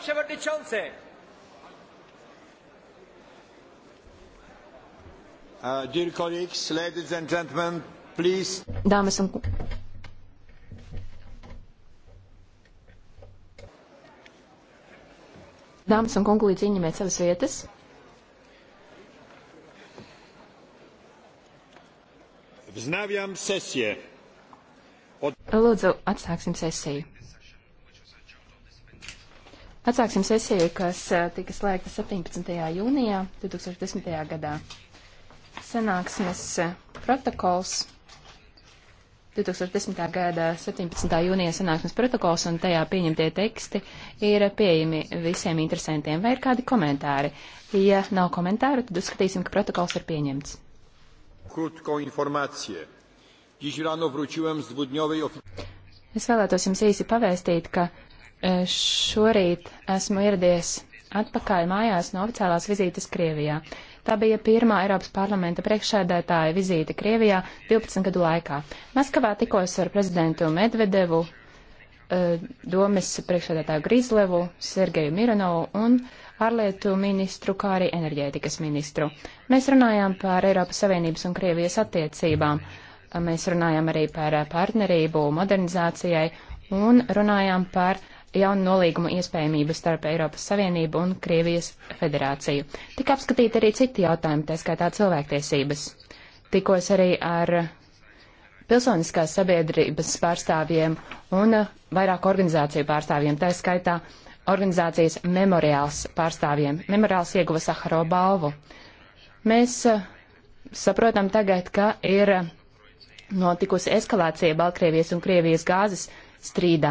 przewodniczący! Uh, dear colleagues, ladies and gentlemen, please. Dāmas un Dāmas un kungi, lūdzu, ieņemiet savas vietas. Vznavjam sesiju. Od... Lūdzu, atsāksim sesiju. Atsāksim sesiju, kas eh, tika slēgta 17. jūnijā 2010. gadā. Sanāksmes eh, protokols 2010. gada 17. jūnija sanāksmes protokols un tajā pieņemtie teksti ir pieejami visiem interesantiem. Vai ir kādi komentāri? Ja nav komentāru, tad uzskatīsim, ka protokols ir pieņemts. Krūtko informācija. Es vēlētos jums īsi pavēstīt, ka Šorīt esmu ieradies atpakaļ mājās no oficiālās vizītes Krievijā. Tā bija pirmā Eiropas parlamenta priekšsēdētāja vizīte Krievijā 12 gadu laikā. Maskavā tikos ar prezidentu Medvedevu, eh, domes priekšsēdētāju Grīzlevu, Sergeju Mironovu un ārlietu ministru, kā arī enerģētikas ministru. Mēs runājām par Eiropas Savienības un Krievijas attiecībām. Mēs runājām arī par partnerību modernizācijai un runājām par jaunu nolīgumu iespējamību starp Eiropas Savienību un Krievijas federāciju. Tik apskatīti arī citi jautājumi, tā skaitā cilvēktiesības. Tikos arī ar pilsoniskās sabiedrības pārstāvjiem un vairāku organizāciju pārstāvjiem, tā skaitā organizācijas memoriāls pārstāvjiem. Memoriāls ieguva Saharo balvu. Mēs eh, saprotam tagad, ka ir notikusi eskalācija Baltkrievijas un Krievijas gāzes strīdā.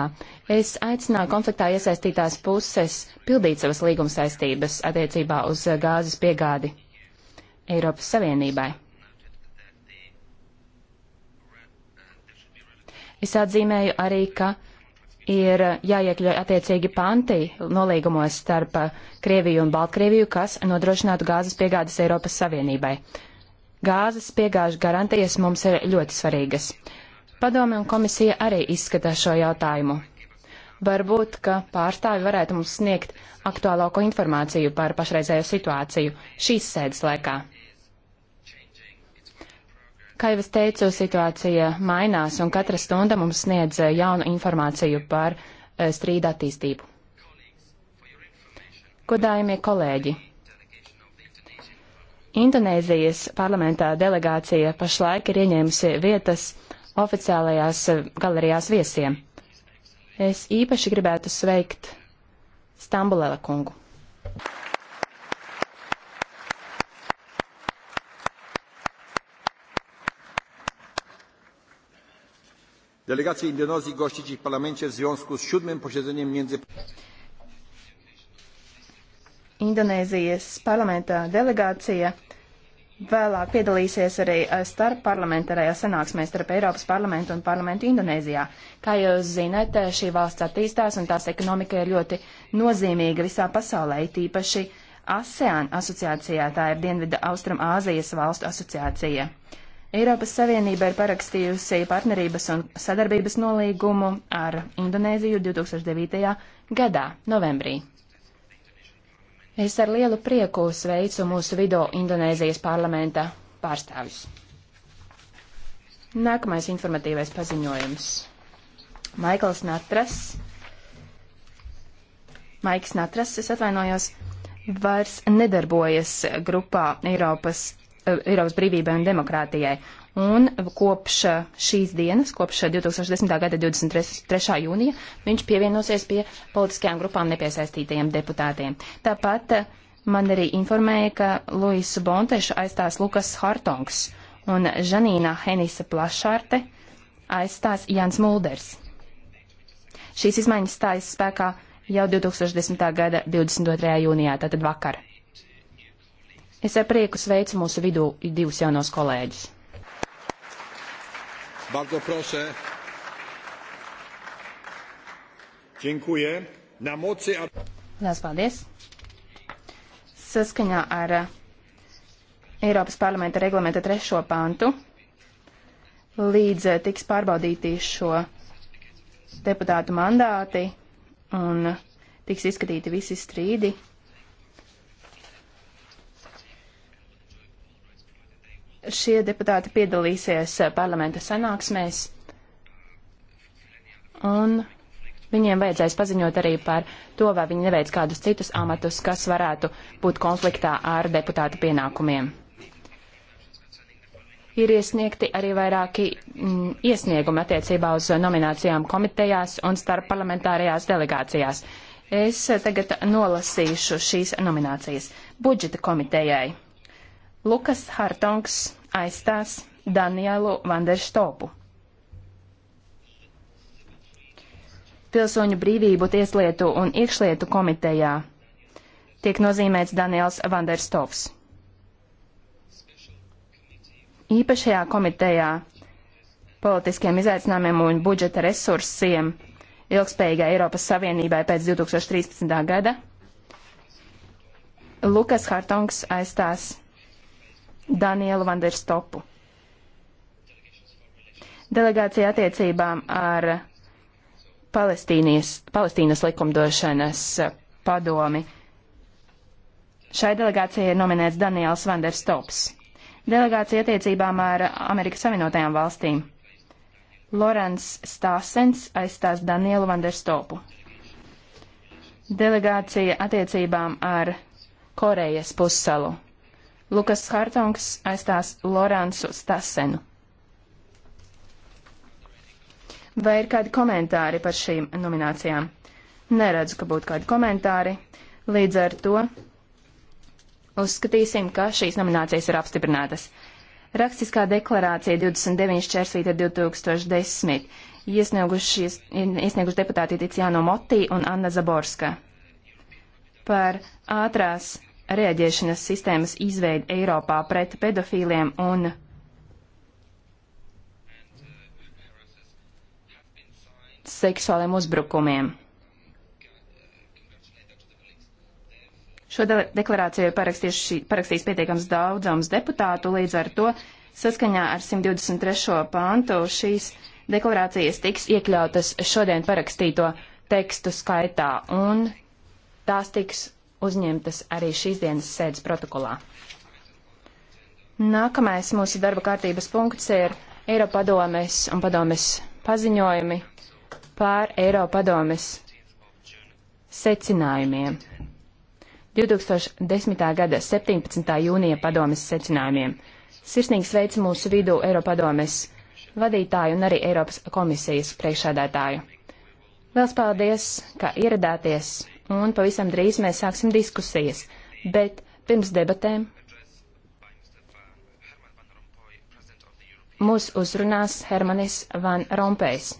Es aicināju konfliktā iesaistītās puses pildīt savas līguma saistības attiecībā uz eh, gāzes piegādi Eiropas Savienībai. Es atzīmēju arī, ka ir eh, jāiekļauj attiecīgi panti nolīgumos starp eh, Krieviju un Baltkrieviju, kas nodrošinātu gāzes piegādes Eiropas Savienībai. Gāzes piegāžu garantijas mums ir ļoti svarīgas. Padome un komisija arī izskatās šo jautājumu. Varbūt, ka pārstāvi varētu mums sniegt aktuālāko informāciju par pašreizējo situāciju šīs sēdes laikā. Kā jau es teicu, situācija mainās un katra stunda mums sniedz eh, jaunu informāciju par eh, strīda attīstību. Godājumie kolēģi! Indonēzijas parlamentā delegācija pašlaik ir ieņēmusi vietas oficiālajās eh, galerijās viesiem. Es īpaši gribētu sveikt Stambulela kungu. Delegacja Indonezji gości dziś w parlamencie w związku z siódmym posiedzeniem między... Indonēzijas parlamentā delegācija Vēlāk piedalīsies arī eh, starp parlamentārajā sanāksmē starp Eiropas parlamentu un parlamentu Indonēzijā. Kā jūs zinat, eh, šī valsts attīstās un tās ekonomika ir ļoti nozīmīga visā pasaulē, tīpaši ASEAN asociācijā, tā ir Dienvida Austram Āzijas valstu asociācija. Eiropas Savienība ir parakstījusi partnerības un sadarbības nolīgumu ar Indonēziju 2009. gadā, novembrī. Es ar lielu prieku sveicu mūsu vidū Indonēzijas parlamenta pārstāvis. Nākamais informatīvais paziņojums. Maikls Natras. Maiks Natras, es atvainojos, vairs nedarbojas grupā Eiropas, eh, Eiropas brīvībai un demokrātijai un kopš šīs dienas, kopš 2010. gada 23. jūnija, viņš pievienosies pie politiskajām grupām nepiesaistītajiem deputātiem. Tāpat eh, man arī informēja, ka Luisu Bontešu aizstās Lukas Hartongs un Žanīna Henisa Plašārte aizstās Jans Mulders. Šīs izmaiņas stājas spēkā jau 2010. gada 22. jūnijā, tātad vakar. Es ar prieku sveicu mūsu vidū divus jaunos kolēģus. Bardzo proszę. Dziękuję. Na mocy... Lielas paldies. Saskaņā ar Eiropas parlamenta reglamenta trešo pantu līdz eh, tiks pārbaudīti šo deputātu mandāti un tiks izskatīti visi strīdi Šie deputāti piedalīsies parlamenta sanāksmēs, un viņiem vajadzēs paziņot arī par to, vai viņi neveic kādus citus amatus, kas varētu būt konfliktā ar deputāta pienākumiem. Ir iesniegti arī vairāki mm, iesniegumi attiecībā uz nominācijām komitejās un starp parlamentārajās delegācijās. Es tagad nolasīšu šīs nominācijas budžeta komitejai. Lukas Hartongs aizstās Danielu Vanderštopu. Pilsoņu brīvību tieslietu un iekšlietu komitejā tiek nozīmēts Daniels Vanderstops. Īpašajā komitejā politiskiem izaicinājumiem un budžeta resursiem ilgspējīgai Eiropas Savienībai pēc 2013. gada Lukas Hartongs aizstās Danielu Vanderstopu. Delegācija attiecībām ar Palestīnas, Palestīnas likumdošanas padomi. Šai delegācijai ir nominēts Daniels Vanderstops. Delegācija attiecībām ar Amerikas Savienotajām valstīm. Lorants Stāsens aizstās Danielu Vanderstopu. Delegācija attiecībām ar Korejas pussalu. Lukas Hartungs aizstās Loransu Stasenu. Vai ir kādi komentāri par šīm nominācijām? Neredzu, ka būtu kādi komentāri. Līdz ar to uzskatīsim, ka šīs nominācijas ir apstiprinātas. Rakstiskā deklarācija 29. čersvīta 2010 iesnieguši deputāti Ticiāno Motī un Anna Zaborska par ātrās reaģēšanas sistēmas izveidi Eiropā pret pedofīliem un seksuāliem uzbrukumiem. Šo de deklarāciju ir parakstījis pietiekams daudzums deputātu, līdz ar to saskaņā ar 123. pantu šīs deklarācijas tiks iekļautas šodien parakstīto tekstu skaitā, un tās tiks uzņemtas arī šīs dienas sēdes protokolā. Nākamais mūsu darba kārtības punkts ir Eiropadomes un padomes paziņojumi pār Eiropadomes secinājumiem. 2010. gada 17. jūnija padomes secinājumiem. Sirsnīgi sveicu mūsu vidū Eiropadomes vadītāju un arī Eiropas komisijas priekšādātāju. Liels paldies, ka ieradāties un pavisam drīz mēs sāksim diskusijas. Bet pirms debatēm mūs uzrunās Hermanis Van Rompējs,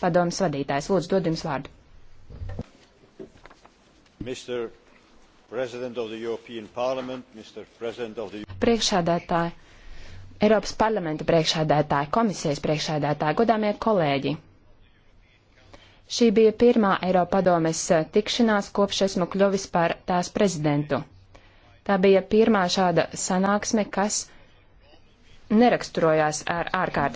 padomas vadītājs. Lūdzu, dod jums vārdu. Mr. President of the European Parliament, Mr. President of the... Priekšādātāji, Eiropas parlamenta priekšādātāji, komisijas priekšādātāji, godāmie kolēģi. Šī bija pirmā Eiropadomes tikšanās, kopš esmu kļuvis par tās prezidentu. Tā bija pirmā šāda sanāksme, kas neraksturojās ar ārkārtas.